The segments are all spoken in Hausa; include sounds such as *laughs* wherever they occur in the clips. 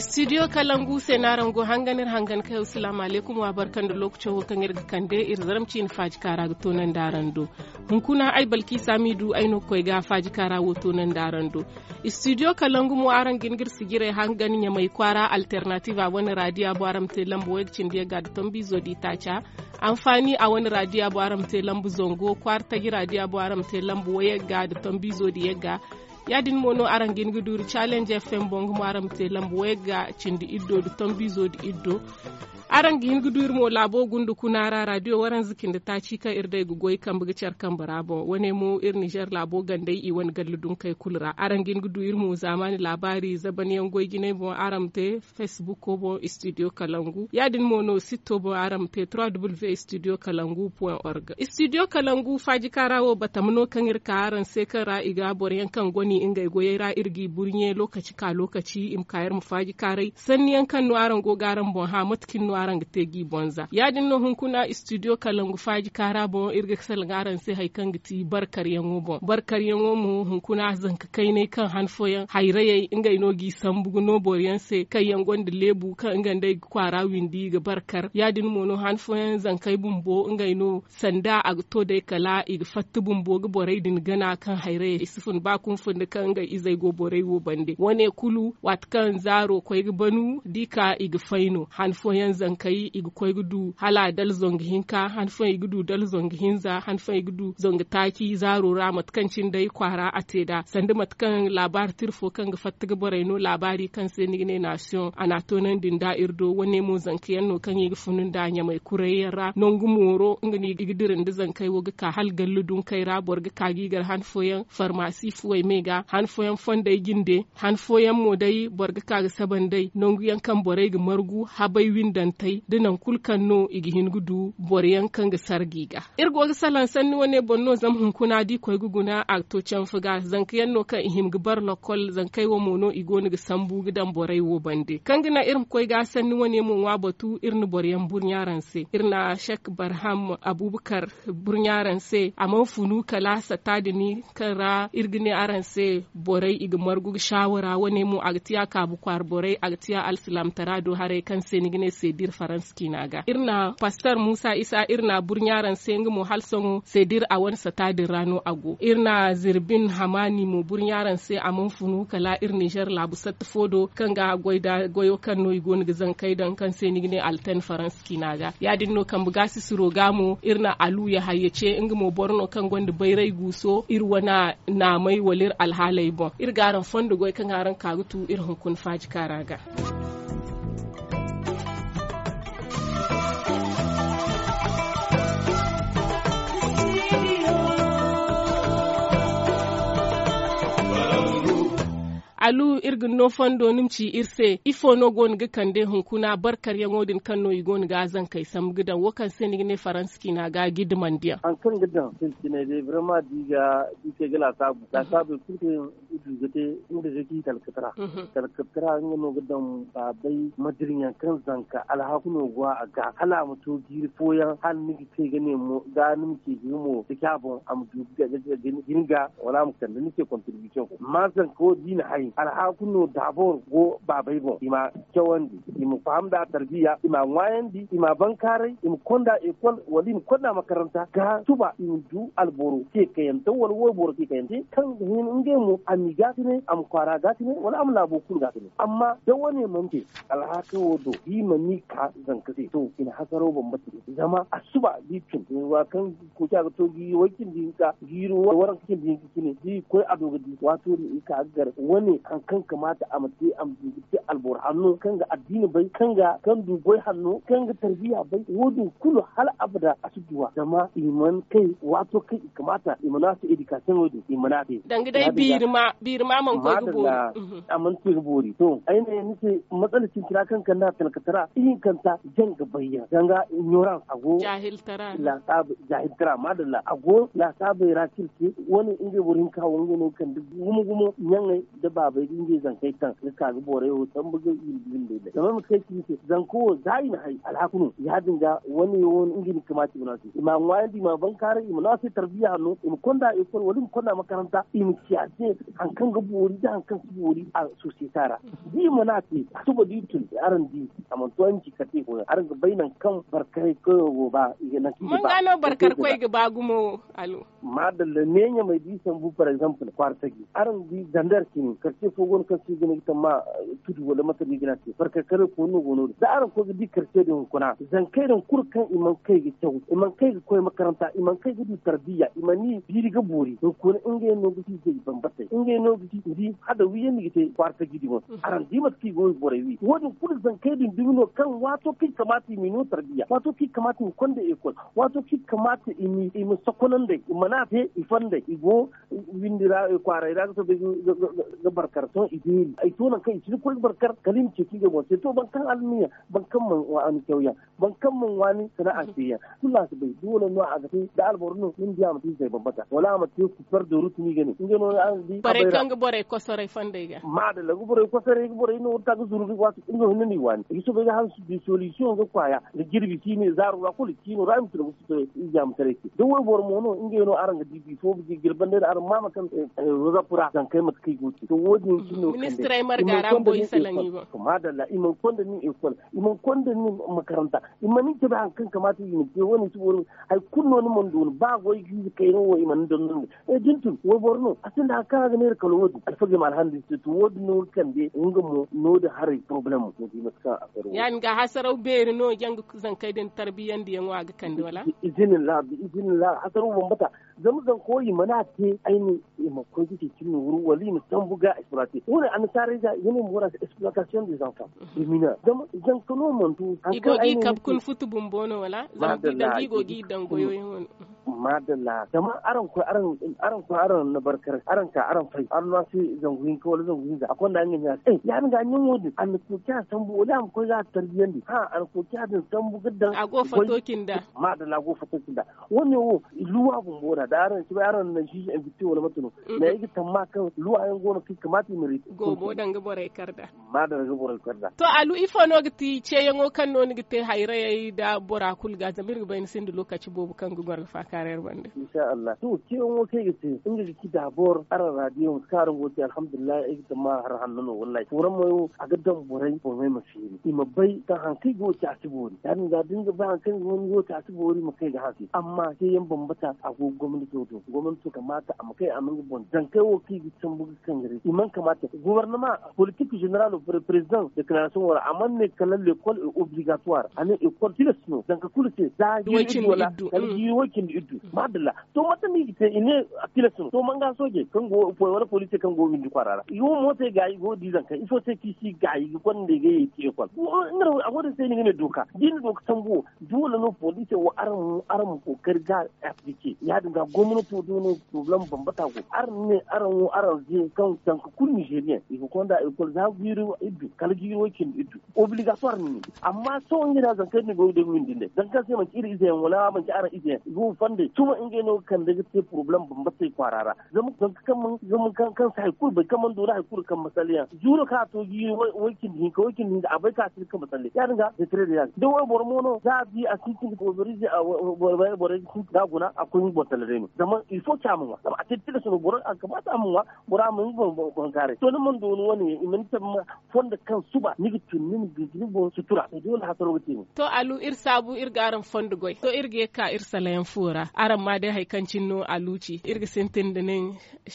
studio kalangu senaran go hanganir hangan kai assalamu alaikum wa barkan da lokacin hokan irga kande zaramci in faji kara ga tonan daran do mun kuna ai balki sami du ai no koi ga faji kara woto tonan daran do studio kalangu mu aran gingir sigire hangan nya mai kwara alternative a wani radio aram te lambo wek cin dia ga tombi zodi tacha amfani a wani radio aram te lambu zongo kwarta gi radio aram te lambu ga da tombi zodi yega yadin mono aran gin guduri challenge fm bongo maram te lambu wega chindi iddo du tombizo di iddo aran gin gudur mo labo gundu kunara radio waran zikin da ta ci kan irdai gugoi kan bugicar kan barabo wane mu ir Niger labo gandai i wani galludun kai kulra aran gin gudur zamani labari zaban yan goi gine bo aramte facebook ko bo studio kalangu yadin mo no sito bo aramte www.studiokalangu.org studio kalangu faji karawo bata muno kan irka aran sai kan ra iga bor kan gwani inga goye ra irgi burnye lokaci ka lokaci kayar mu faji karai sanni kan no aran go garan bon ha matkin no waran ga tegi bonza yadin no hunkuna studio kalangu faji kara bo irga sal garan sai hay kan giti barkar yango bon barkar yango mu hunkuna zan ka kai ne kan yan hayraye inga ino gi sambugu no yan sai kai yango da lebu kan inga dai kwara windi ga barkar yadin mono hanfoyan zan kai bumbo inga ino sanda a to dai kala iga fattu bumbo ga borai din gana kan hayraye isufun ba kun fun kan inga izai go borai wo bande wane kulu wat kan zaro kwai banu dika iga faino hanfoyan zan zan kai igkoi gudu hala dal zong hinka hanfan igudu dal zong hinza hanfan igudu zong taki zaro ra matkan cin dai kwara a teda sandi matkan labar tirfo kan ga fattiga boraino labari kan senigine nation anatonan din da irdo wane mu zan kai kan yi funun da nya mai kurayyara non gumoro ngani igdirin da zan kai woga ka hal galludun kai ra borga kagigar hanfoyan farmasi fuwai mega hanfoyan fondai ginde hanfoyan mo dai borga kaga saban dai non guyan kan borai ga margu habai windan tai nan kulkan no igihin gudu boriyan kanga sargiga irgo salan sanni wane bonno zam hunkuna di koy guguna a to can fuga zankayan no kan ihim gubar lokol kai wa mono igoni ga sambu gidan borai wo bande kangina irin koy ga sanni wane mun wa batu irin boriyan burnyaran se irna shek barham abubakar burnyaran se amon funu kala satadini kan ra irgini aran se borai igmar gug shawara wane mu agtiya kabu kwar borai agtiya alsilam tarado hare kan senigine sedi ir faranski naga irna pastor musa isa irna burnyaran sengu mu halsongu sedir a wani satadin rano ago irna zirbin hamani mu burnyaran se mun funu kala ir niger labu satta fodo kan ga goyo kan no igon gizan kai dan kan se nigne alten faranski naga ya no kan bugasi suro gamu irna alu ya hayyace ingi mu borno kan gonda bairai guso ir wana na mai walir alhalai bon ir garan fondo goy kan garan kagutu ir hukun faji karaga. alu irgin no fondo nimci irse ifo no gon ga kande hunkuna barkar yango din kan yi igon ga zan kai sam gidan wakan senig ne faranski na ga gidman dia an kan gidan sinti ne dai vraiment diga dike gala sabu da sabu kuke idu zate inda zaki kalkatra kalkatra an no gidan babai madirin yankan zanka alhakuno gwa ga kala mutu giri foyan hal nigi te gane mu ga nimci gimo dikabon am duga gini ga wala mu kan ce contribution ko ma zan ko dina ai alhakuno dabor go babaibo ima kewandi ima fahamda tarbiya ima wayandi ima bankare ima konda ekol wali ima konda makaranta ga tuba ima du alboro ke kayanta wal wo boro ke ti kan hin inge mu amiga tine am kwara tine wala am labo kun tine amma da wani mamke alhaka wodo hima ni ka zankate to ina hasaro bambati zama asuba tun. wa kan ko ta ga togi wakin dinka giro waran kin dinki ne di koi adoga di wato ni ka gar wani kan kan kamata a mace a dubi albor hannu kan ga addini bai kan ga kan dubai hannu kan ga tarbiyya bai wodin kulu hal abada asujuwa ma iman kai wato kai kamata imana su education wodin imana dai dan gidai birma birma man ko a man ci gubori to aina ne ce matsalar cin kan kan na talkatara in kanta jan ga bayyana dan ga ignorance ago jahil tara la sab jahil tara madalla ago la sab rakil ki wani inda burin kawo ne kan dubu gumo-gumo nyanga da ba a din dinge zan kai kan ka ga bore ho tan bugo ilbin da da mu kai ki zan ko zai na ai alhakunu ya dinga wani wani ingin kuma ti munasi imam wani ma ban kare sai tarbiya no in konda e kon wani konda makaranta in ki siyase an kan ga bori da an kan su bori a sositara di munati ba di tun da aran di amma tuwan ji kate ko aran ga bainan kan barkare ko go ba na ki ba mun no barkar koi ga ba gumo alo madalla ne ne mai di san bu for example kwartagi aran di zandar ka kace fogon kasi gina ita ma eh, tudu wala mata ni gina ce farka kare ko no gono da aran ko bi karce da hukuna zan kai dan kurkan iman kai ga tau iman kai ga koyi makaranta iman kai ga bi tarbiya iman ni bi riga bori to ko in ga no gidi zai bambata in ga no gidi ndi hada wiye ni gite kwarta gidi won mhm. aran di mat ki goyi bore wi wodin kul zan kai din dubino kan wato ki kamata mi no tarbiya wato ki kamata mi konda ekol wato ki kamata imi imi sakonan da imana fe ifan da igo windira kwarai da ga so ga barkarto idin ai tonan kai ci ko barkar kalim ce ki gabo to ban kan almiya ban kan man wa an kyauya ban kan man wani sana'a ce ya kula su bai dole no a gafi da alborno min biya mutum sai babbata wala ma tiyo ku far da rutuni gane in gano an bi bare kan bare kosore fande ga ma da lagu bare kosore bare no ta ga zuru wasu in gano ni wani iso bai han su bi solution ga kwaya da girbi kimi zaru ra kulli kimi ra mutum ku su ya mutare ki duk wai bor mono in gano aran ga dibi fo bi girban da aran mama kan eh, eh, rozapura kan kai mata kai goci to wodi kino ministre margara boy ba kuma iman ni ekol iman konda ni makaranta iman ni ke ban kan kamata yin ke woni su ai kunno ni mon ba goy gi iman don e borno ga ne mal handi tu no kan nga mo no da hari problem ko di maska afero yan ga hasarau beri no jang zan kai din tarbiyan diyan wa ga kan wala idinin la idinin la hasaru mun zan koyi mana te aini ma ko kike kin wuri wali mu san buga exploiter wani an sare ja yana mu wara exploitation des enfants mhm. mina zam zan kono mon tu an ka aini kap kun futu bumbono wala zan ti dangi gogi dangoyoyin wani madalla dama aran ko aran aran ko aran na barkar aran ka aran fai an ma sai zanguyin ko wala zanguyin da akwai da an yi eh ya an ga an wudu an ko kya san bu wala an ko za tarbiyan di ha an ko kya din san bu gidan a gofa tokin da madalla gofa tokin da wani wo luwa bumbora da aron shi ba aron na shi en victime wala matuno na yake tamma kan lu ayan gono ki kamati mi ri gobo dan ga borai karda ma da ga borai karda to alu ifo no giti ce yango kan no gite haire yayi da bora kul ga zamir ga bayin sindu lokaci bobu kan gugwar fa karar bande insha Allah to ke yango kai gite in ga ki da bor aran radio karin gote alhamdulillah ta ma har hannu hannuno wallahi furan mayo a ga gaddan borai ko mai mafiri ima bai ta hankai gote a tibori dan ga dinga ba hankai wani gote a tibori mu kai ga hankai amma sai yan bambata a agogo mun ke gwamnati kamata a makai a mun bon dan kai woki gitan bugu kan gari iman kamata gouvernement politique général au président de création wala amman ne kala l'école est obligatoire ane école sino dan ka kulce da yi wala kan mm. yi wakin iddu madalla to mata mi gite ine tilasno to manga soje kan go wala politique kan go min di kwarara yo mota gayi go di dizan kai ifo te kisi gayi kon de gayi ti école ngara a wada sai ni ne doka din doka tambo dole no police wa armu armu kokar ga afike ya dinga gomonoto dono problem bambata ko. ar ne aran wo aran je kan kan kul nigerien e ko konda e ko za biru iddu kala giro kin iddu obligatoire ni amma so ngira zan kan ni go de min dinde dan kan sai man kiri izen wala man aran izen go fande tuma inge no kan daga te problem bambata zamu kan kan mun zamu kan kan sai kan dora kan masaliya juro ka to gi wakin ni ko wakin ni abai ka sai kan masaliya ya dinga da tare da yan da wai bormono za bi a cikin ko birizi a borai borai da guna a kun mu zaman il faut ta mun wa a tittira su bura an ka bata mun wa bura mun ban kare to nan man don wani min ta fonda kan suba ni ga tunnin gidi bon sutura to dole hasar wuce ne to alu ir sabu ir garan fonda goy to irge ka ir salayan fura aran ma dai haikancin no aluci irga sentin da nin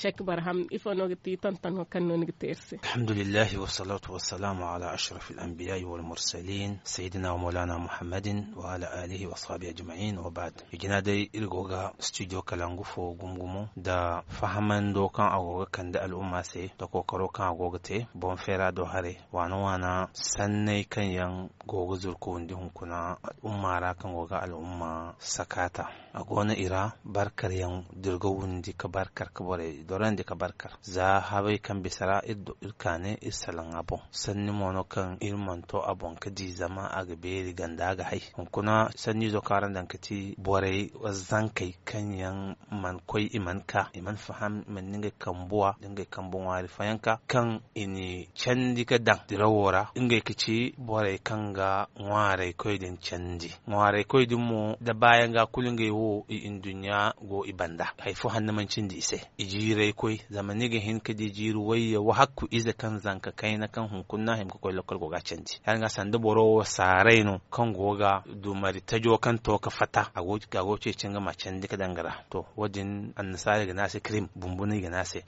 shek barham ifo no gati tantan ho kan no ni gterse alhamdulillah wa salatu wa salamu ala ashrafil anbiya wal mursalin sayyidina wa maulana muhammadin wa ala alihi wa sahbihi ajma'in wa ba'd yajina dai irgoga studio kalangu fo gumgumu da fahaman dokan agoga kan da al'umma se da kokaro kan agoga te bon fera do hare wana wana sannai kan yan gogo zurko wanda hunkuna umma ra kan goga al'umma sakata agona ira barkar yan dirgowun di ka barkar ka bore doran di ka barkar za habai kan bisara iddo irkane isalan abo sanni mono kan irmanto abon ka di zama a gabe ganda ga hai kuna sanni zo karan dan kati bore wazan kai kan yan man koi iman ka iman faham man ninga kambuwa dinga kambun wari fayanka kan ini chandi ka dan dirawora inga kici bore kan ga ngware koi din chandi ngware koi din mu da bayan ga kulun ga wo i indunya go i banda hannu man cin di i jire koi zamani ga hin kadi jiru wai ya wa hakku iza kan zanka kai na kan hunkun na koi lokal ga canji yan ga sandu boro sarai no kan goga mari ta jo kan to ka fata a go ga go ce cin ga macen dika dangara to wajin annasari ga nasi cream bumbuni ga nasi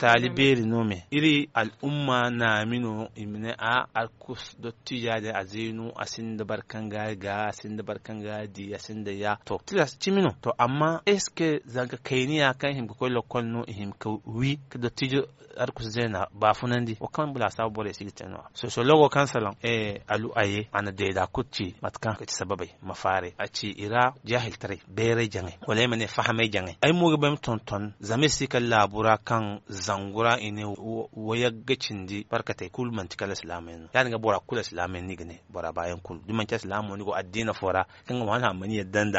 talibiri no me iri al'umma na mino imne a alkus dottija da azinu asin da barkan ga ga asin da barkan ga di asin da ya to tila cimino to amma eske zaga ya kan him ko lokol no him ko wi do tijo ar ku zena ba funandi o kan bula sa bore sigi so sociologo kan salon e alu aye ana de da kutti matkan ko sababai mafare ci ira jahil tare bere jange wala mene fahame jange ai mo gbe ton ton zame kala labura kan zangura ine waya di. barkata kul man tikala islamen ya ga bora kul islamen ni gane bora bayan kul duman ke islamu ni go addina fora kan ga amani yaddan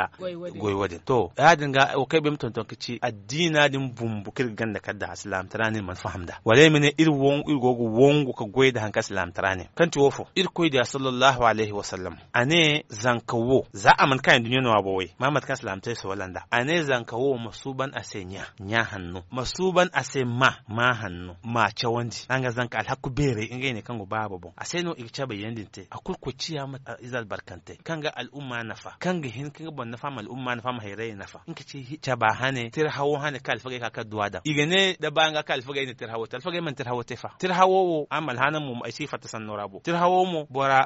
wade to ya dinga o kai bim tonton kici addina din bumbu kir ganda kadda islam tarani man fahamda wale mine ir won ir gogo wongo ka da hanka islam tarani kan ti wofo ir da sallallahu alaihi sallam ane zankawo za a man kan dunyo nawa bawai mamat kan islam tai walanda ane zankawo masuban asenya nya hannu masuban asema ma hannu ma chawandi nanga zanka alhaku bere inga ne kango babu bon aseno ikcha bayandinte akul ko ciya izal barkante kanga umma nafa kanga hin kanga bon nafa mal umma na fama hayrai na fa inka ce ta ba hane tir hawo hane kal fage ka duwa da igane da ba nga kal fage ne tir hawo tal fage man tir hawo tefa tir hawo wo amal hanan mu ai sifata sanora tir hawo mu bora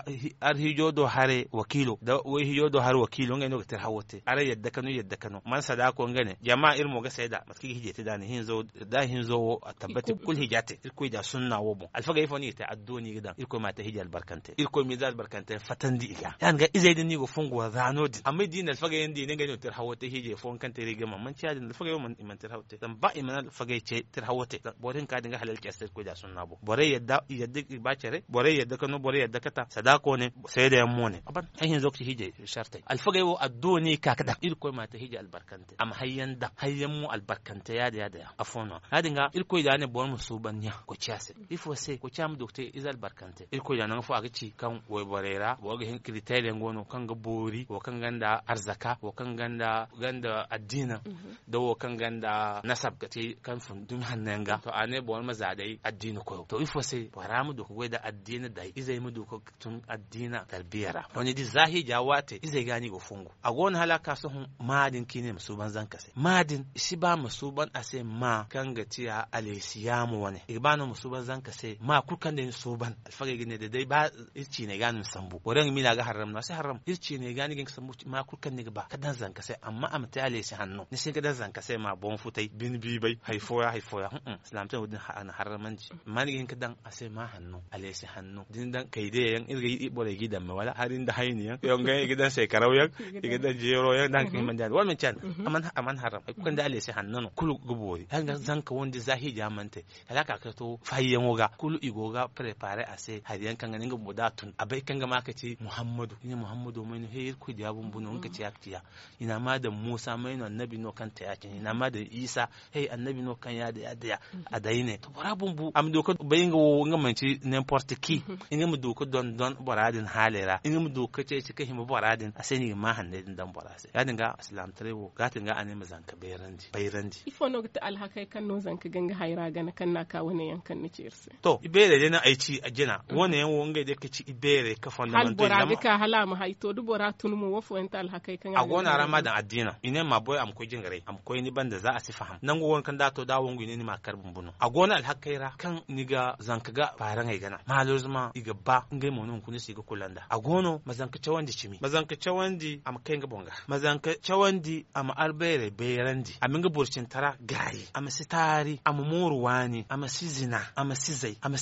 ar hijo do hare wakilo da wo hijo do hare wakilo ngai no tir hawo te are yadda kanu yadda kanu man sada ko ngane jama'a ilmu ga sayda maski hije te da ne zo da hin zo a tabbati kul hijate irko da sunna wo bo al fage foni ta adoni gida gidan irko ma ta hijal barkante irko mi zal barkante fatandi iya yan ga izaidin ni go fungu wa zanodi amma dinal fage yandi ne dinga jin tir hawote hije fon kan tir gama man ciya din fage man iman tir hawote dan ba iman fage ce tir hawote borin ka dinga halal kester ko da sunna bo bore yadda yadda ba cere bore yadda kanu bore yadda kata sadako ne sai da yammo ne aban ayin zokti hije sharte al fage wo addoni ka kada il ko mata hije albarkante am hayyan da hayyan mu albarkante ya da ya da afono ha dinga il ko da ne bor mu subanya ko ciase ifo se ko ciam dokte izal barkante il ko da nan fo aga ci kan wo borera wo ga hin kriteriyan gono kan ga bori wo kan ganda arzaka wo kan kan ganda ganda addina mhm. da wokan ganda nasab gati kan hannun ga to ane bon ma zadai addina ko to ifo sai bara mu doko da addina da izai mu doko tun addina tarbiyara wani di zahi jawate izai gani go fungu a gona halaka su hun madin kine musuban kase madin isi ba musuban sai ma kan gati ya e mu wani ibanu musuban kase ma kurkan da suban alfage gine da dai ba irci ne ganin sambu wurin mina ga haram na sai haram irci ne gani gin sambu ma kurkan ne ba kadan dan zanka sai amma am ta ale shi hannu ni shiga dan zanka sai ma bon futai bin bi bai haifoya haifoya hmm islam ta wudin an haramanci malikin ka dan ase ma hannu ale shi hannu din dan kai dai yan irga yi bore gidan ma wala harin da haini yan yan gai gidan sai karau yan gidan jero yan dan kin mm-hmm. manja da min chan mm-hmm. aman aman haram kun da ale shi hannu no kulu gubori hanga zanka wanda zahi jamanta kala ka to fayyan woga kulu igoga prepare ase hadiyan kan ganin gubo da tun abai kan ga makaci muhammadu ni muhammadu mai ne hayir ku jabun bunun ka ciya ciya ina ma da musa mai na annabi no kan ta yakin ina ma da isa hey annabi no kan ya da ya da a dai ne to bara bu am doka bayin ga wanga manci n'importe ki ina *laughs* mu doka don don din halera ina mu doka ce ci kai mu baradin a sai ni ma hande din dan sai ya dinga islam trewo gatin ga anema zanka bayrandi bayrandi ifo no ta alhakai kan no zanka ganga haira gana kan na ka wani yankan ni cirse to ibere dai na aici a jina wani yan wanga da kaci ibere ka fondamental hal bora ka hala mu haito du bora tun mu wofo enta alhakai kan wona rama dan addina ine ma boy am ko jingare am ko ni banda za a si faham nan go won kan da to da won gine ni ma karbun bunu a gona alhakaira kan niga ga faran ai gana malozma iga ba ngai monon kuni ga kulanda a gono mazanka cawandi chimi mazanka cawandi am kai ga bonga mazanka cawandi am albere berandi am ga burcin tara gayi am sitari am muru wani am sizina am sizai am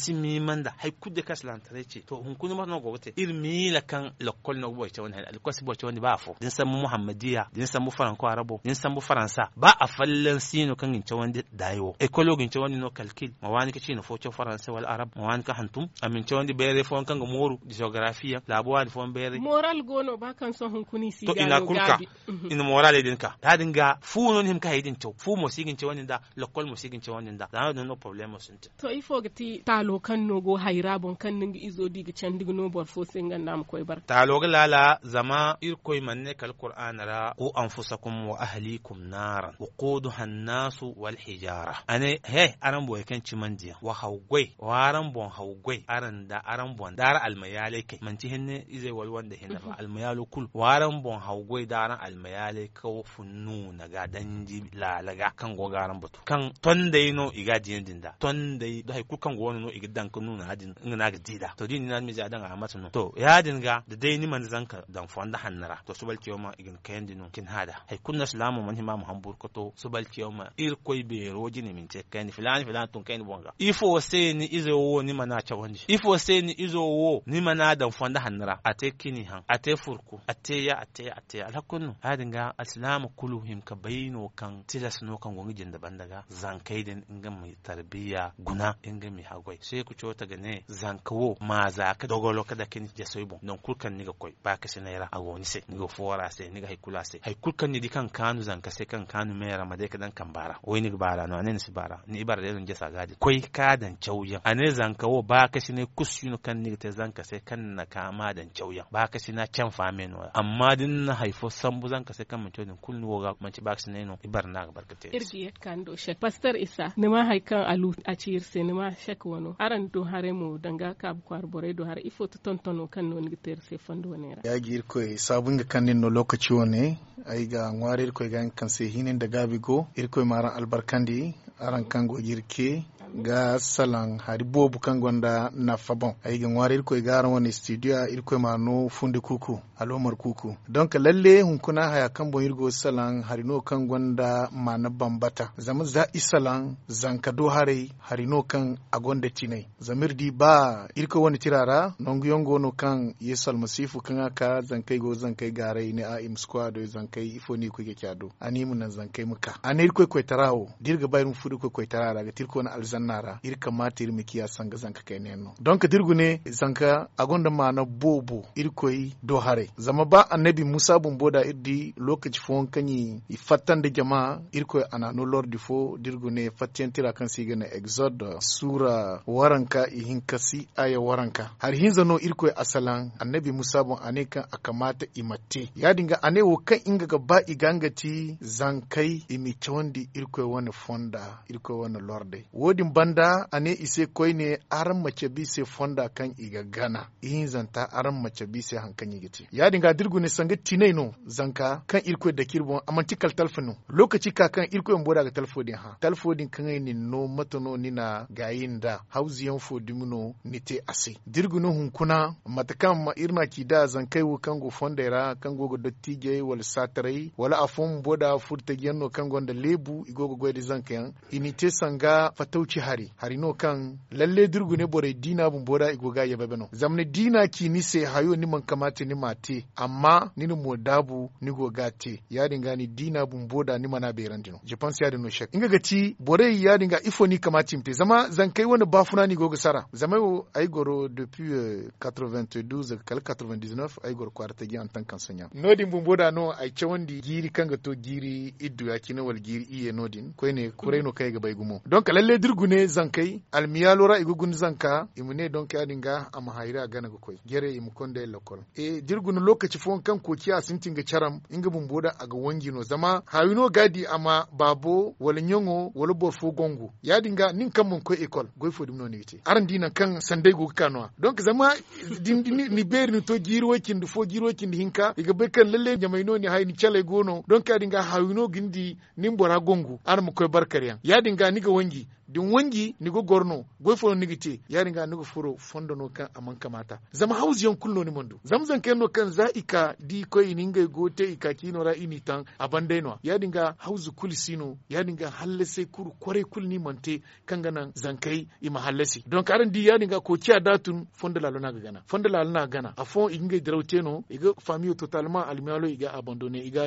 manda hay kudde kaslantare ce to hun kuni ma no gote irmi la kan lokol no boy cawandi alkwasi boy cawandi ba fo din san mu muhammad ahmadiyya din san mu faranko arabo din san mu faransa ba a fallan sino kan gince wanda dayo ekologin gin wani no kalkil ma wani kace no focho faransa wal arab ma wani ka hantum amin cewa wanda bere fon kan moru geografia bo da fon bere moral gono ba kan so hun kuni si to ina kulka mhm. ina moral din ka ta dinga fu non him ka hidin to fu mo sigin cewa wani da lokol mo sigin cewa wani da da no problem sun to ifo gati talo kan nogo bon kan ningi izo diga can diga no bor fo singan nam koy bar talo lala zama ir koy manne kal qur'an nara ku anfusakum wa ahlikum naran waquduha an-nasu wal hijara ane he aran boy kan ciman dia wa hawgwe wa aran bon hawgwe aran da aran bon dar almayale ke man ci hinne ize wal wanda hinna fa almayalu kul wa aran bon hawgwe daran almayale ka funnu na ga danji lalaga kan go garan butu kan ton dai no iga din da ton dai da ku kan go no iga dan kan nuna hadin ngana ga dida to din na mi ja dan a mata no to ya din dinga da dai ni man zanka dan fonda hannara to subal kiyoma igin kayan dinu kin hada hay kunna salamu man mu hambur ko to subal kiyoma ir koy be roji ne min te kayan filani filani tun kayan bonga ifo se ni izo wo ni mana cha wonji ifo se ni izo wo ni mana da fonda hanra ate kini han ate furku ate ya ate ate ala kunu. hadin ga aslamu kulu him ka bayino kan tilas no kan wongi jinda bandaga zankaiden din inga mai tarbiya guna inga mai hagwai sai ku cota ga ne zankawo ma za ka dogolo kada kin je soibon don kulkan ni ga koy ba ka sinaira a woni se ni ga fora se ni ga kulase hay kulkan ni di kan kanu zan kase kan kanu me yara made kadan kan bara wai ni bara no anen si bara ni ibara de jasa gadi koi ka dan chauyan anen zan kawo ba ka shi ne no kan ni te zan kase kan na kama dan chauyan ba ka shi na can fame no amma din na haifo sambu zan kase kan mun chodin kulni woga manci ba ka shi ne no ibar na ga barkate irgi yet kan do shek pastor isa ne hay kan alu a ciir se ma shek wono aran do hare mu danga ka kwar bore do hare ifo to tontono kan no ni ter se fando ne ya gir koy sabun ga kan no lokaci won ne ay ga ngwari irkoy gan kan se hinen da gabigo irkwai irkoy mara albarkandi aran kango irke ga salan hari bobu gwanda na fabon aigin wari irko gara wani studio irko ma no fundi kuku alomar kuku ka lalle hunkuna haya kan bon irgo salan hari no kan gonda ma na bambata zama za isalan zankado hare hari no kan gwanda tinai zamir di ba irko wani tirara nongu yongo no kan yesal masifu kan aka zankai go zankai garai ne a im squad zankai ifoni ke kyado ani mun zankai muka anir kwe kwe tarawo dirga bayrum fudu ko kwe tarara ga tirko na alzan nara kama kamata ir mikiya sanga zanka kai don ka dirgune zanka agonda mana bobo ir koy do hare zama ba annabi musa bumboda irdi lokaci fon kanyi fattan da jama'a ir koy ana no lordi fo dirgune fatten tira kan sigana exode sura waranka ihin kasi aya waranka har hin zano ir asalan annabi musa bun ane kan akamata imatte ya dinga ane wo kan inga gaba igangati zankai imi wanda ir koy wani fonda ir koy wani lordi wodin banda banda ne ise ne aran mace bi se fonda kan iga gana ihin zanta aran mace bi se hankan yigiti ya dinga dirgu ne sanga tinai no zanka kan irko da kirbon amanti kal talfinu lokaci ka kan irko yan boda ga talfodin ha talfodin kan ni no matano ni na gayin da hauziyan fo dimino ni te ase dirgu no hunkuna matakan ma irna ki da zankai wo kan go fonda ra kan go dotti je wal satrai wala afun boda furta genno kan gonda lebu igogo da zankan ini te sanga fatauci hari hari no kan lalle dirgu ne bore dina bun boda ga ya bebeno zamne dina ki ni se hayo ni man kamate ni mate amma ni ni modabu ni goga te ya dinga ni dina bun boda ni mana be randino je pense ya n'o shek inga gati bore ya dinga ifo ni kamati mpe zama zan kai wani bafuna ni ga sara zama yo ai goro depuis 92 eh, kal 99 ai goro kwarta gi en tant no din bun boda no ay wandi giri kanga to giri iddu ya kinawal giri iye ne kurai no kai ga bai gumo donc lalle dirgu imune zankai almiyalora igu igugun zanka imune don ka dinga ama a gana go koy gere im konde lokol e dirgun lokaci fon kan koki a sintin ga charam inga bumboda wangi no zama hayuno gadi ama babo wala nyongo wala borfo gongo ya dinga nin kan mun ko ekol goy fodum no niti aran dina kan sandai go kanwa donc zama dim ni berni to jirwo kindi fo jirwo kindi hinka iga bekan kan lalle no ni hayni chale gono donc ka dinga hayuno gindi nin bora gongo ar mu koy barkariyan ya dinga ni ga wangi din wangi ni go gorno go fono nigi te nga ni go furo fondo no kan aman kamata zama hauzi yan kullo ni mondo zam zan n'o kan zaika di koy ninga go te ika kino ra ini tan abande no yaringa hauzi kulisino yari nga sai kur kware kul ni mante kan zan zankai i hallasi don karan di nga ko tia datun fondo la lona gana fondo la lona gana afon inga drawte no go famio totalement almialo i ga abandone i ga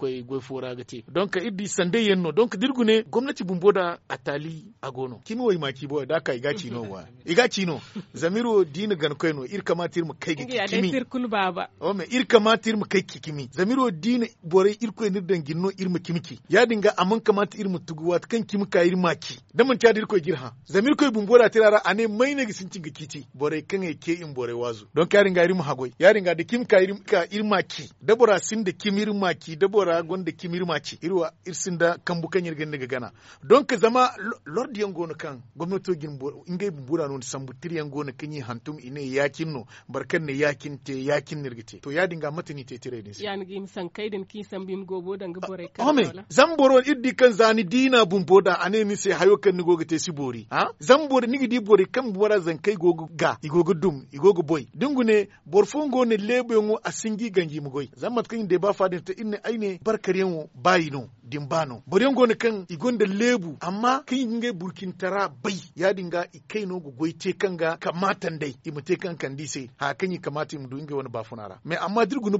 koy go ra gati don ka iddi sande yenno ka dirgune gomnati bumboda atali a gono. kimi wai maki boy da ka iga n'o wa iga n'o zamiro dina gan no ir kamatir mu kai kimi ir ne baba o me ir kamatir mu kai kimi zamiro dina bore ir koy nir dan ginno ir mu kimiki ya dinga amman kamata ir mu tuguwat kan kimi ka ir maki da mun ta dir koy girha zamir koy bun bora tirara ane mai ne gisin cin gikiti. bore kan e ke in bore wazu don ka ringa ir mu hagoi ya ringa da kim ka ir ka ir maki da bora sin da kimir maki da bora gonda kimir maki irwa ir sin da kan bukan yirgen daga gana don ka zama bor diyan gono kan gwamnato gin ingay bura non sambu tiriyan kan kinyi hantum ine yakin no barkan ne yakin te yakin nirgite to ya dinga matani te tire ne yan gim san din ki san bin gobo dan ah, bore kan ah, ame zan boro iddi kan zani dina bun boda ane mi sai hayo kan nigo te sibori ha zan boro nigi di bori kan bora zan kai gogo ga igogo dum igogo boy dungune borfongo ne lebo ngo asingi ganji mugoi zan mat kan de ba fadin te inne aine barkariyan bayino dimbano boryango ne kan igonda lebu amma kin ne burkin tara bai ya dinga ikai no gugoi te kanga kamatan dai te kan kan dise ha kan yi kamata imu duinge wani bafunara me amma dirgu no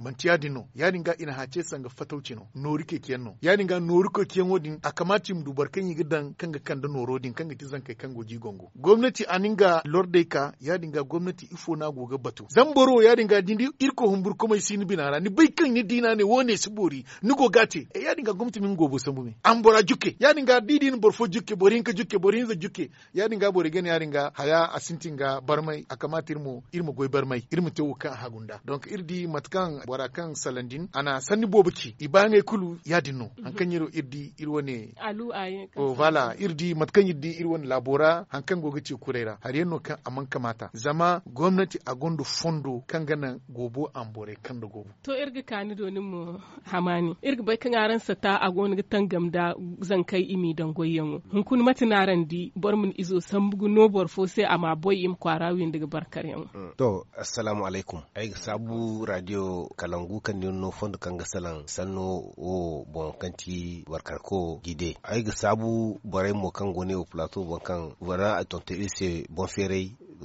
manti ya dinno ya dinga ina hace sanga fatauci no nori ke kiyan no ya dinga nori ko kiyan wodin a kamata imu dubar kan yi gidan kanga kan da noro din kanga tizan kai kan goji gongo gwamnati aninga lorde ka ya dinga gwamnati ifo na goga batu zamboro ya dinga dindi irko humbur kuma sini binara ni bai kan ni dina ne wone sibori ni gogate e ya dinga gwamnati min gobo sambume ambora juke ya dinga didin borfo juke jukke borin ka jukke borin za jukke ya dinga bore gani ya dinga haya a sintin ga barmai a kamata irmu irmu goy barmai irmu te wuka hagunda donc irdi matkan bora kan salandin ana sanni bobuki ibane kulu ya dinno mhm. an kan yiro irdi irwane alu aye o vala irdi matkan irdi irwane labora an kan ce kurera har yanno kan aman kamata zama gwamnati a gondo fondo kan gana gobo an bore kan da gobo to irga kani donin mu hamani irga bai kan aran sa ta a gonin tangamda zan kai imi dan goyen hunkun ran di bar mun izo sambugu no nobor fo sai ama boy im kwarawin daga barkar yan mm. to assalamu alaikum ai sabu radio kalangu kan ne no fond kan ga salan sanno o bon kanti barkar ko gide ai ga sabu barai mo kan gone o plateau bon kan wara a tonte ise bon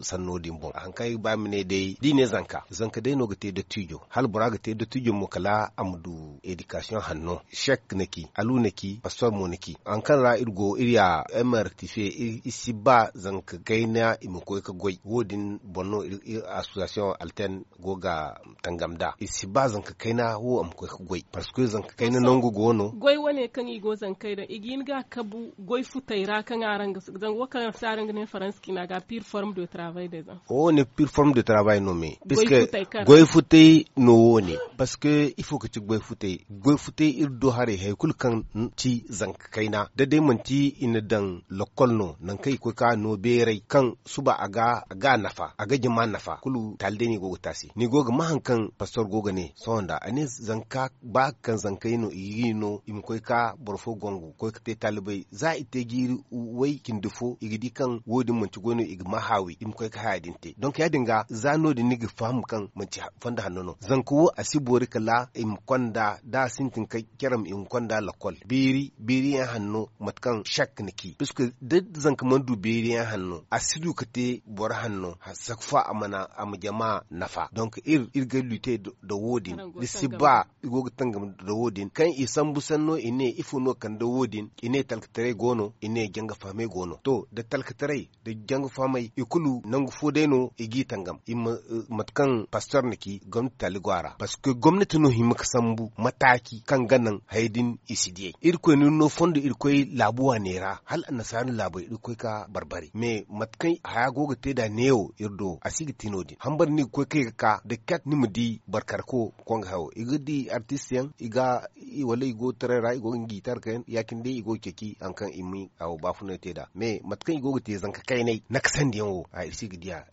sanno din bon an kai ba mine dai dine zanka zanka dai no ga te da tujo hal bura ga te da tujo mo kala amdu education hanno shek neki alu neki pastor mo neki an kan ra irgo iriya mrt fe isi ba zan ka gaina imu ko ka goi wodin bonno association alten goga tangamda isi ba zan ka kaina wo am ko ka goi parce que zan ka kaina nongo gono goi wane kan igo zan da igin ga kabu goi ra kan aranga zan wakan saranga ne faranski na ga pure forme de travail des enfants oh ne pure forme de travail no me que goi futai no woni parce que il faut que tu goi futai gwefute goy ir hare kul kan ci zanka kaina da dai manti ina dan lokol no nan kai ko ka no berai kan suba aga aga nafa aga jima nafa kulu talde ni gogo tasi ni gogo han kan pastor gogo ne sonda zan zanka ba kan zanka ino yino im ko ka borfo gongo ko ka te talibai za ite giri wai dufo igidi kan wodi manti gono ig mahawi im ko ka hayadin te donc ya dinga zano ni nigi fam kan manti fanda hanono zanku asibori kala im konda da sintin kai kiram in kwanda lakol biri biri yan hannu matkan shak niki bisko da zanka mandu biri yan hannu asidu kate bor hannu hasakfa amana am jama'a nafa donc ir ga lute da wodin lisiba igoga tangam da wodin kan isan busanno ine no kan da wodin ine talkatare gono ine janga fame gono to da talkatare da janga fame ikulu nangu fodeno igi tangam eh, matkan pastor niki gwamnati taligwara parce que gwamnati no himaka sambu mataki kan ganan haidin isidiye irko ni no fondo irko labuwa nera hal nasarar labai irko ka barbari. me matkai ya goga te da neo irdo sigi tinodi hambar ni ko kai ka da kat ni mudi barkar ko kon hawo igidi artistian iga i wala igo tarera igo gitar kayan, yakin dai igo keki an kan imi awo na te da me matkan igo te zanka kai nai naksan diyanwo a sigi diya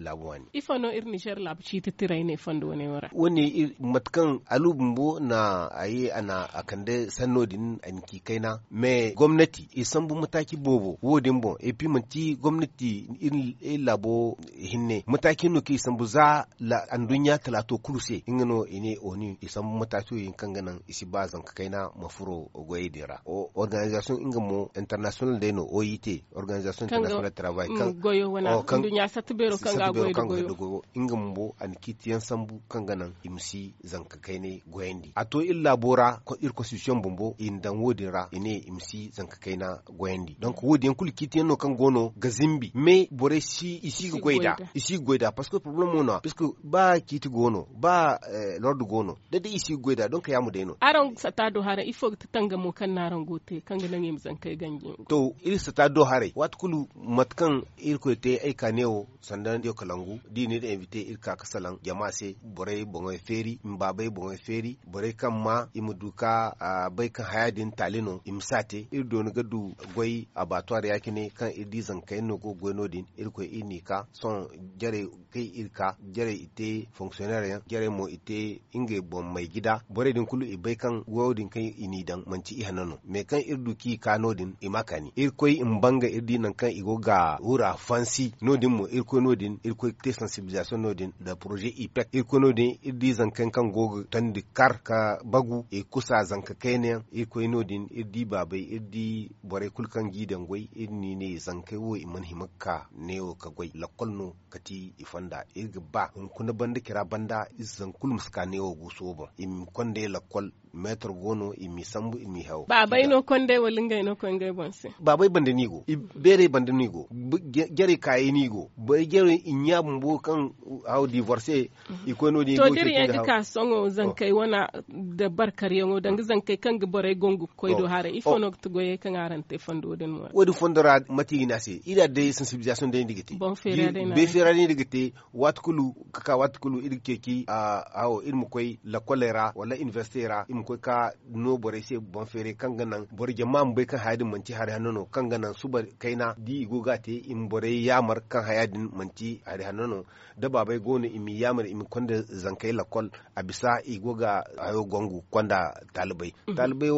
labuwa ne ifano irni shar labci titirai ne fondo ne wara wani matkan alubun bo a ana a kan akande sannodin kai na me gwamnati isambu mataki bobo din bo e pi ti gwamnati in labo hinne mataki no ke bu za la andunya talato kurse gano ine oni isambu mataki yin ganan isi kai na mafuro ogoye dira o organisation ingamo international de no oit organisation international travail kan mm, goyo wana o, kan dunya satbero kan ga goyo ingamo an kitiyan sambu ganan imsi kai ne goyendi ato illa bora ko ir constitution bombo in dan ra ine imsi zanka kaina goyandi donc wodi en kiti tieno kan gono gazimbi me bore si isi goida isi goida parce que problème ona parce que ba kiti gono ba eh, lord gono da da isi goida donc ya mu deno aron sata do hare ifo tanga mo kan naron gote kan ga nan zanka ganje to il sata do hare wat kulu matkan ir ko te ai kanewo sandan yo kalangu dini de invite irka ka kasalan jama'a se bore bongo feri mbabai bongo feri bore kan ma imu duka bai kan hayadin talino imsate ir doni gadu gwai batuwar yaki ne kan idizan kai no go gweno din ir ko ini ka son jare kai irka jare ite fonctionnaire jare mo ite inge bon mai gida bore din kulu i bai kan wodin kai ini dan manci i nanu me kan ir duki ka no din imakani ir in imbanga ir dinan kan igo ga wura fansi no din mo ir ko no din ir ko te sensibilisation no din da projet ipek ir ko no din ir dizan kan kan gogo tan dikar ka ka bagu e kusa zanka kainen e din irdi e babai irdi e bore kulkan gidan gwai irni e ne zanka wo iman himakka ne wo ka gwai lakolno kati ifanda irga ba in kuna banda kira banda izan kulum ne wo guso ba in kwande lakol metro gono mi sambu mi hew baba ino konde wolinga ino konde bonse baba bande nigo bere bande nigo gere kayi nigo bai gere inya mbo kan haw divorce mhm. iko no hau to diri ya ka songo oh. zankai wana da barkar yango danga zankai kan bore gongu koido oh. hare oh. fono to goye kan arante fondo den mo wodi ra mati nasi ida de sensibilisation de ndigiti bon fere de na be fere de ndigiti watkulu kaka watkulu idike ki a awo ilmu koi la kolera wala investira ko ka no bore se bon fere kanga nan bore jama bai kan hayadin manci hari hanono kanga nan suba kaina di igo ga te in bore ya mar kan hayadin manci hari hanono da babai gona imi ya mar imi kwanda zankai lakol a bisa ga ayo gongu kwanda talibai mhm. talibai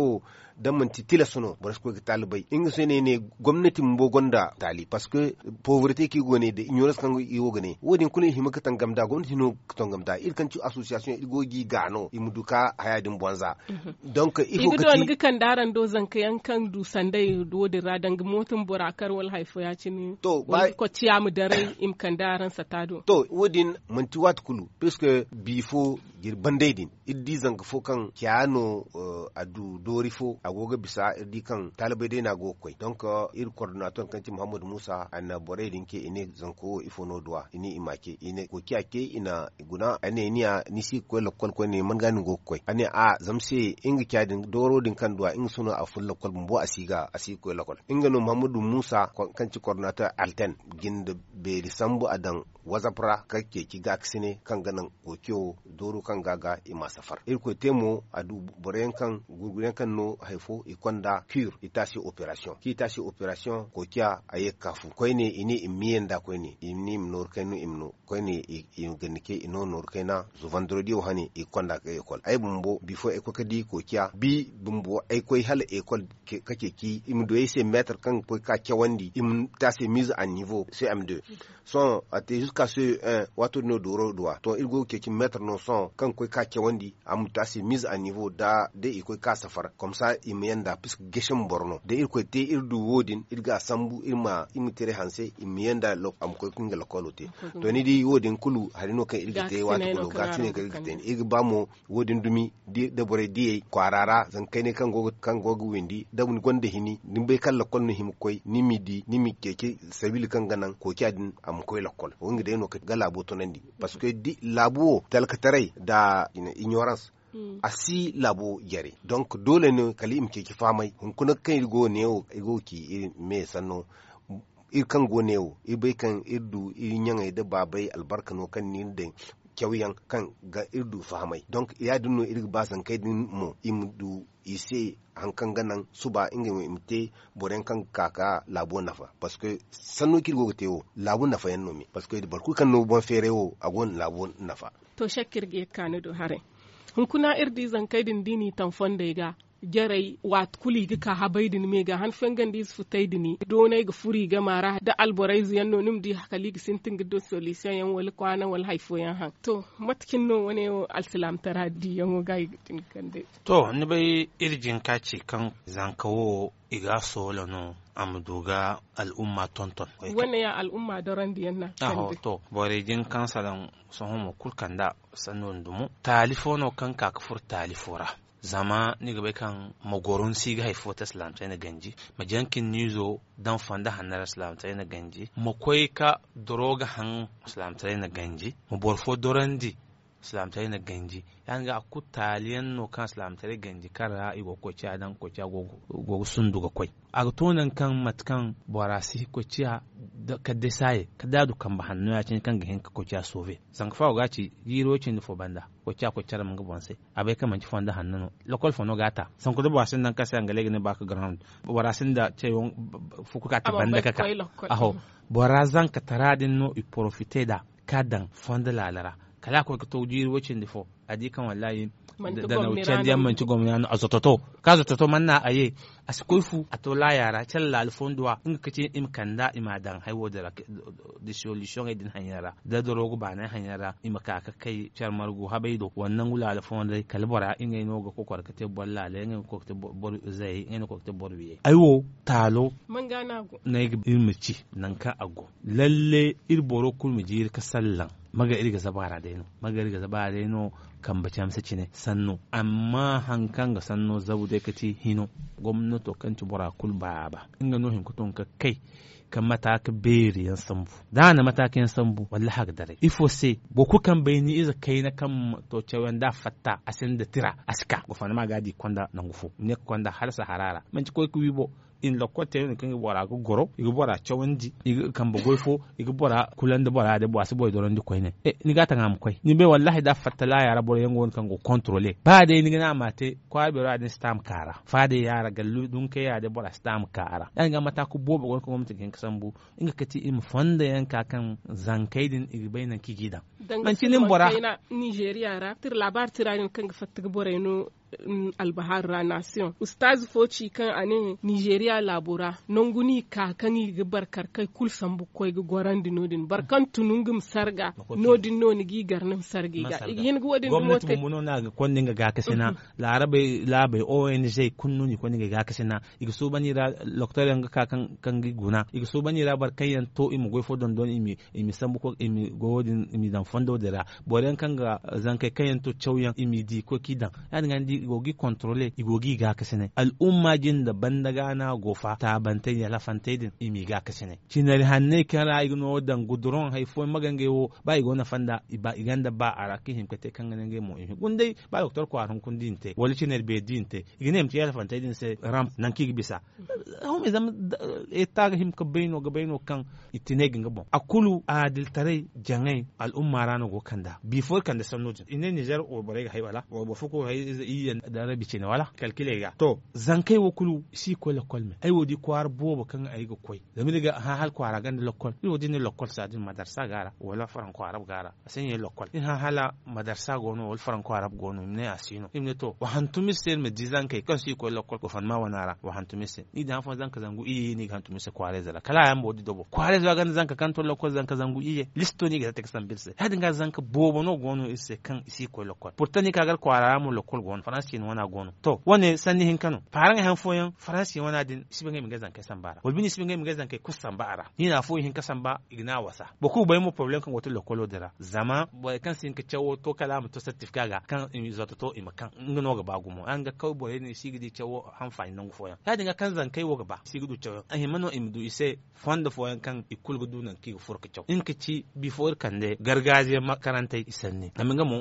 dan manti tila suno boras ko talibai inga sene ne gwamnati mbo gonda tali parce que pauvreté ki gone de ignorance kan i wogane wodin kulin hima ka tangam da gwamnati no tangam da il kan ci association il gogi gano i muduka haya din bonza mhm. donc i go kan n'gi kan daran do zan kayan kan du sandai do de radan motum borakar wal haifo ya ci ni to ba ko ciya mu dare im kan daran satado to wodin manti wat kulu parce que bifo gir daidin iddi zan fo kan kiano eh, adu dori fo agogo bisa irdi kan talibai dai na go don ka ir coordinator kanci muhammad musa anna bore dinke ine zanko no dwa ine imake ine ko ke ina guna ane niya nisi ko lokol ko ne man gani go koi ane a zamse inga din doro din kan duwa inga suna a fulla kol mbo asiga asi ko lokol inga no muhammad musa kanci coordinator alten ginda be disambu adan wazafra kake ki gaksine kan ganan kokiyo doro kan gaga ima safar irko temo adu boren kan gurguren kan no e fo i konda cure i tasi opération ki tasi opération ko aye kafu koyne ini mienda koyne ini mnor kenu imno koyne igeni ke ino nor kena zo vendredi o hani i konda bumbo bifo e ko kadi ko bi bumbo ay koy hal école kake ki imdo se mettre kan ko ka kyawandi im tasi mise à niveau CM2 son ate jusqu'à ce 1 hein, wato no duro doa to ilgo ke ki mettre no son kan ko ka kyawandi am tasi mise à niveau da de iko ka safar comme ça imiyanda puisque geshen borno Da irko te ir du wodin irga sambu irma imitere hanse imiyanda lo am koy kinga lokolo te to ni di wodin kulu harino kan irga te wata kulo gatine kan irga te irga ba mo wodin dumi di da bore di kwarara zan kai ne kan gogo kan gogo wendi da mun gonda hini nin bai lokol no him koy ni mi di ni mi keke sabili kan ganan ko kyadin am koy lokol wonga de no ka gala boto nandi parce que di labuo talkatarai da ignorance a si labo jare donc dole ne kali imke ki famai hun kuna kan irgo ne o irgo ki me sanno ir kan go ne o ibai kan irdu irin nyanga da babai albarkano kan ni den kyauyan kan ga irdu famai donc ya dunno irga basan kai din mu imdu ise hankan ganan suba inga imte boren kan kaka labo nafa parce que sanno te tewo labo nafa yanno mi parce que barku kan no bon fere wo agon labo nafa to shakir ge kanu do hare hunkuna irdi zankai dindini da ya ga gerai wat kuli ga ka habaidin me ga han fengan dis futaidini donai ga furi ga mara da alborai ziyan no nim di hakali ga sintin ga do solution yan wal kwana wal haifo yan han to matkin no wane alsalam taradi yan ga tin kande to ni bai irjin kaci kan zankawo iga solo no amduga duga al'umma tonton wannan ya al'umma daren diyan na aho to borejin kansalan sohomo kulkanda sanon dumu talifono kan ka kafur talifora zama ni gabe kan magoron si ga haifo ta na ganji majankin nizo dan fanda hannar slam na ganji makwai ka droga han slam na ganji maborfo dorandi silamtare na ganji yan ga aku taliyan no kan na ganji kara igo kwaciya dan kwaciya gogo sun duga kwai a tonan kan matkan borasi kwaciya ka desaye ka dadu kan bahan noya cin kan gihin ka kocha sove ka fa gaci giro cin fo banda kocha kocha ram ga bonse abai ka manci fonda hannuno lokol fono gata sanku da asin nan kasa ngale ne baka ground sin da ce yon fuku ka banda ka aho zan ka taradin no i profite da kadan fonda lalara kala ko ka to jiro cin fo di kan wallahi da na wuce ndiyan manci gwamnati a zototo ka zototo man na aye a sikoifu a to la yara can la alfondwa in ka ce im da ima dan haiwo da da solution din hanyara da rogo ba na hanyara ima ka ka kai char margo habaido wannan wula alfon dai kalbara in ga ga ko kwarka te bolla le in ko te bor zai in ko te bor wiye aiwo talo man gana go na yi mici nan ka ago lalle irboro kulmi jir ka sallan maga a sabara deno maga iriga sabara deno kan bace amsa cine sannu amma hankan ga sanno zabu dai kati hino gwamnato kan ci bora kul In ga no kuton ka kai kan mataka beri yan sambu dana mataka yan sambu wallahi haka dare ifo se boku kan bayni iza kai na kan to cewan da fatta asin da tira aska gofana ma gadi kwanda nangufu ne kwanda har saharara man ci koy ku bo. in la kote ne kan bora ko goro igi bora chawandi igi kamba goifo igi bora kulande bora de bo boy doron di koyne e ni gata ngam koy ni be wallahi da fatala ya rabo yango won kan go controle ba de ni na mate ko be ra de stamp kara fa de ya ra gallu dun ke ya de bora stamp kara dan ga mata ku bobo gon ko tin kan kasambu inga kati im fonda yan ka kan zankaidin igi bainan kigida man tinin bora Nigeria ra tir bar tirani kan ga fatta bora no albahar nation ustaz foci kan anin nigeria labora nonguni kan yi barkar kai kul sambu koi ga goran dinodin barkan tunungum sarga nodin no ni gi garnam sargi ga yin go wadin mo te mun na ga konni ga ga kasina mm-hmm. larabe labe ONG kunnu ni konni ga ga kasina iga so bani ra loktor yanga ka kan gi guna iga so bani ra barkan yan to imu goy fodon don imi imi sambu ko imi go wadin imi dan fondo dera boren kan ga zan kai kayan to yan imi di ko kidan ya dinga di igogi kontrole igogi ga kasine al'umma jin da bandaga na gofa ta bantai ya lafante din imi ga kasene cinar hanne kara igno dan gudron haifo magange wo ba igo na fanda iba iganda ba araki him kete kangane nge mo ihi gundai ba doktor ko arun kun dinte wali cinar be dinte igine mti ya lafante din se ramp nan kig bisa me zam eta him ka beino kan itine ginga bon akulu adil tare jangai al'umma rano go kanda before kan kanda sanojin ine niger o bare ga haywala wo bo fuko hay da da rabi ce ne wala kalkile ga to zan kai wa kulu si ko lokol me ai wodi kwar bo kan ai ga koi da mi ga ha hal kwara gan lokol ni wodi ne lokol sa din madarsa gara wala franco arab gara asen ye lokol in ha hala madarsa gono wal franco arab gono ne asino imne to wa hantum sel me dizan kai kan si ko lokol ko fan ma wanara wa hantum sel ni da fa zan ka zangu ni ga hantum zala kala yan bodi dobo zan ka kan to zan ka zangu iye listo ni ga ta kasan bilse hadin ga zan ka bobo no gono isse kan ko kwara mu gono faransi wana gono to wane sanni hin kano faran han foyan faransi wana din sibin mi gazan kai sambara wobi ni sibin mi gazan kai kusan bara ni na foyin ka kasan ba igna wasa boku bai mu problem kan wato lokolo dira zama bai kan sin ka cewo to kala mu to certificate ga kan in zato to ima kan ngino ga bagu mu an ga kawai bai ne sigidi cewo han fa nan foyan ya dinga kan zan kai wo ga ba sigidu cewo an himano imdu ise fond foyan kan ikul gudu nan ki furka cewo in ka ci before kan de gargajiya makarantai isanne amin ga mu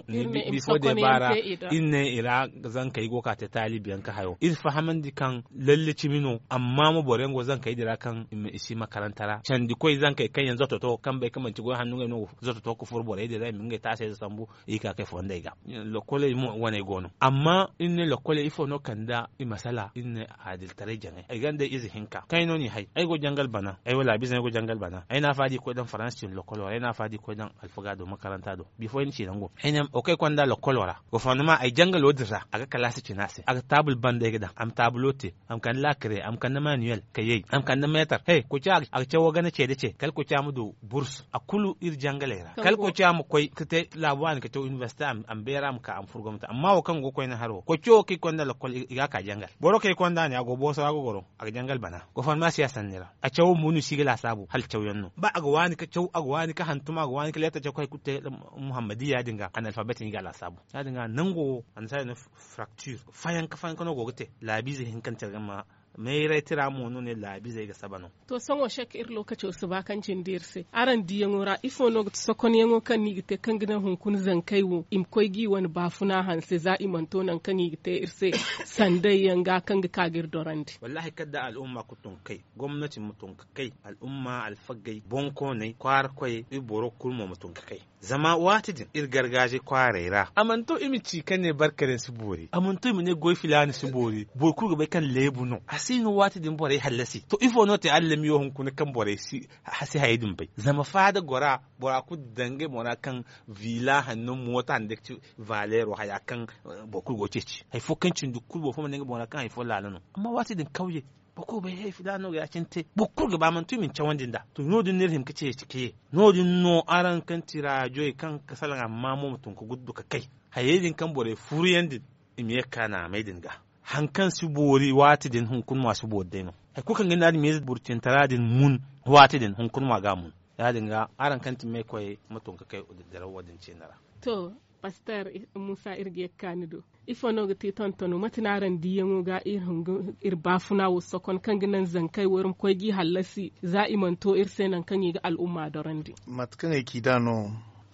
before de bara inne ira da zan kai goka ta talibi yanka hayo in fahaman di kan lalle cimino amma mu bore ngo zan kai dira kan isi makarantara can di koi zan kai kan yanzu to to kan bai kamanci go hannu ga no zato to ku furbo dai dai min ga ta sai sambu i ka kai fonda ga lo kole mo wane gono amma inne lo kole ifo no kan da i masala in ne adil tare jange ai gan gande izi hinka kai no ni hai ai go jangal bana ai wala bizan go jangal bana ai na fadi ko dan france lo kolo ai na fadi ko dan alfaga do makaranta do before ni ci dango ai ne okay kwanda lo kolora go fanuma ai jangal wodira aga kalasi chinase aga band bande gida am tabulote am kan lakre am kan manuel kayey am kan meter hey ko cha aga cha wagana ce de ce kal ko cha mudu burs kulu ir ra kal ko cha mu koy la wan ka to investa am am beram ka am ta. amma wo kan go koy na haro ko cho ki konda la kol ya ka jangal boro ke konda ne ago sa ago goro aga jangal bana ko farmasi asan ra a cha munu sigila sabu hal cha yanno ba aga wan ka cha aga wan ka hantuma aga wan ka leta cha koy te muhammadiya dinga analfabetin ga la sabu ya dinga nango an sai fracture fayanka fayanka no gogote labize hinkan tergama meire tira monu ne labi zai ga sabano to wa shek ir lokaci su bakancin dirse aran diyanora ifo no sokon yango kan ni gite kan gidan hunkun zan kai wu im koi gi wani ba funa hanse za i manto nan kan ni gite irse *coughs* sandai yanga kan ga kagir dorandi wallahi kadda al'umma ku kai gwamnati mu kai al'umma alfagai bonko ne kwar koi i boro kulmo mu kai zama watidin ir gargaje kwarera amanto imi ci kan ne barkaren su bore amanto imi ne goyi filani su bore bor ku ga kan lebu no asinu wata din bore halasi to ifo no te allami yo hunkuna kan bore si hasi haidin bai zama fada gora bora ku dange mona kan vila hannun mota da ci valero haya kan eh, boku goce ci haifo kan cin dukul bo fama dange mona kan haifo lalano amma wata din kauye boku bai haifi da no ya cinte boku ga baman tumin cawan da to no din ne him kace ke no din no aran kan tira joy kan kasalan amma mu mutun ku guddu ka kai hayedin kan bore furiyan din imiye kana mai dinga hankan su bori wati din hunkun masu bodde ai e kukan gani adi mezi burtin taradin mun wati din hunkun ma gamun ya dinga aran kantin mai koyi mutum ka kai udaddara wadin cenara to pastor musa irge kanido ifonoga ti tontono matinaran diyeŋoga ir hungu ir bafunawo sokon kaŋga nan zankai worum koygi halasi za imanto ir senan ga al'umma dorandi matkaŋay kidano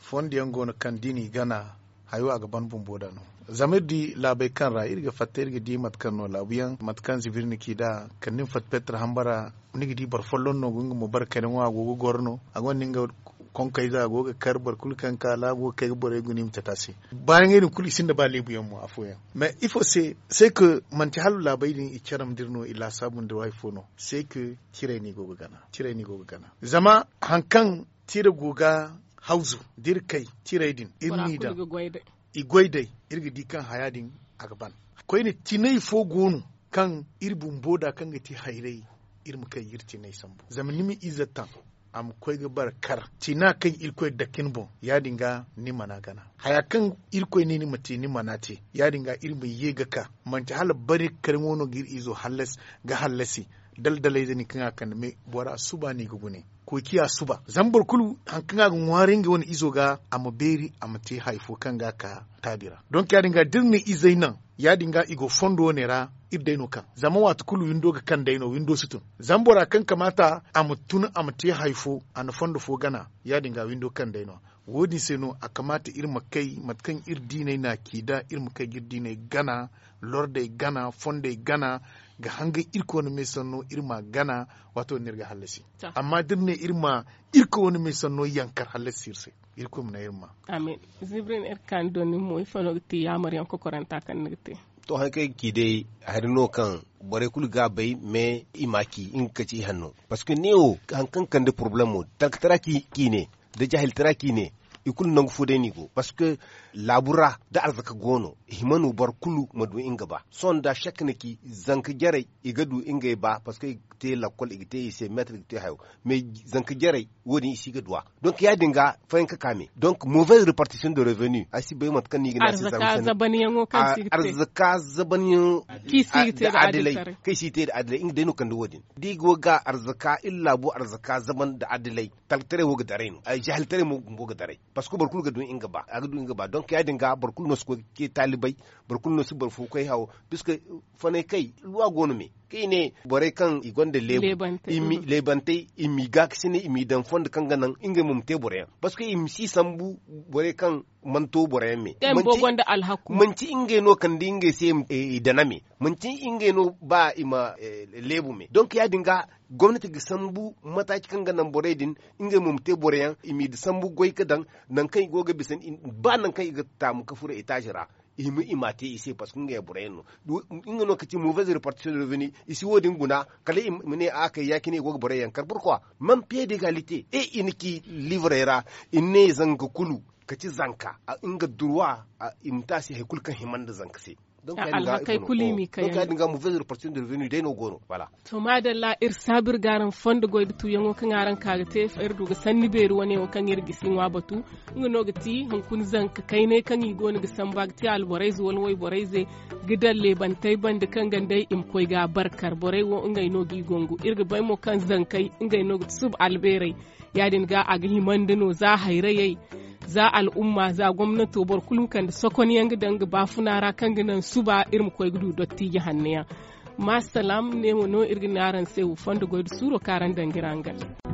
fondiyango na kandini gana hayo a gaban bumboda no di labai kan ra irga fatta irga di matkan no labiyan matkan zibirni ki da kanin fat petra hambara ni di bar follon no gungu mu bar kanin wa gogo gorno agon ninga kon kai za goga karbar kul kan ka la go kai bore gunim ta tasi bayan irin kul isin da ba lebu yan mu afoya me ifo se se ke manti halu labai din ikiram dirno ila sabun da waifo no se ke tire ni gogo gana tire ni gogo gana zama hankan tire goga hauzu dirkai tiradin da igwaidai irgidi kan hayadin agban koy ne tinai fo gonu kan irbun boda kan gati hairai irmu kai yirti nai sambu zamani mi izatan am koy ga kar tina kan irkoy da bon ya dinga ni mana gana haya kan irkoy ni ni mati ni mana te ya dinga ye ga ka manta hal bari karmono gir izo hallas ga hallasi daldalai zani kan na me bora suba ni gugune ko kiya suba zambar kulu hankanga ga wani izo ga amaberi amate haifo ga ka tabira don ya dinga dirni izai nan ya dinga igo fondo nera ibdaino kan zama wata kulu windo ga kan daino windo situn zambora kan kamata a amate haifo an fondo fo gana ya dinga windo kan daino wodi seno a kamata irin makai matkan irdi na kida irin makai girdi gana lorde gana fonde gana ga hanga irko wani mai sanno irma gana wato nirga halasi amma duk ne irma irko wani mai sanno yankar halasi sai irko na irma amin zibrin irkan er doni mu ifano ti yamar yanko koranta kan te. to kai ki dai no kan bare kul ga bai me imaki in ka ci hannu parce que ne o kan kan da problem mu tak taraki ki ne da jahil taraki ne ikul nangu fude ni go parce que labura da arzaka gono himanu bar kulu madu inga ba son da na ki zanka jare igadu inga e ba parce que te lakol igite ise e metre te hayo mais zanka jare woni isi gadwa donc ya dinga fayin ka kame donc mauvaise répartition de revenu asi bai mat kan ni gina sai zamu zabaniyan kan sigite arzaka zabaniyan ki te da adilai kai te da adilai inga denu kan wodin digo ga arzaka illa bu arzaka zaman da adilai taltare woga dare no jahaltare mu woga dare parce que barkul ga dun inga ba aga dun inga ba donc ya dinga barkul no ko ke talibai barkul no su barfu kai hawo puisque fane kai luwa gonu me ne bore kan igonde lebu imi lebante imi gaksini imi dan fond kan ganan inga mumte bore parce que imi sambu bore kan manto bore me manci inga manci inge no kan dinga se idanami e, e, manci inge no ba ima e, lebu me donc ya dinga gwamnati ga sambu mataki kan ga nan bore din inga mum te bore yan imi da sambu goy kadan nan kai goga bisan ba nan kai ga tamu kafura itajira imu imate isi paskun ya bureno inga no kiti mauvaise répartition de revenu isi wodin guna kale mine aka yakine go bore kar pourquoi même pied d'égalité et iniki livrera inne zanga kulu kaci zanka a inga droit a imtasi haikul kan himan da zanka donc alha kay kulimi oh. kay donc mu ngam vesir portion de revenu deno to ir sabir garan kan aran kaga te duga sanni o kan ir gisin wa batu ngono gati han kun zanka kai ne kan yi gisan al kan gandai im koy ga barkar borai wo ngai no gi gongu mo kan no sub alberai yadin ga za hairayai za al'umma za gwamnato bar kulum kan sakon yanga danga ba funara kan ginan ba irin koi gudu dotti ya hanniya ma salam ne mu no sai wufan da goy suro karan dangirangal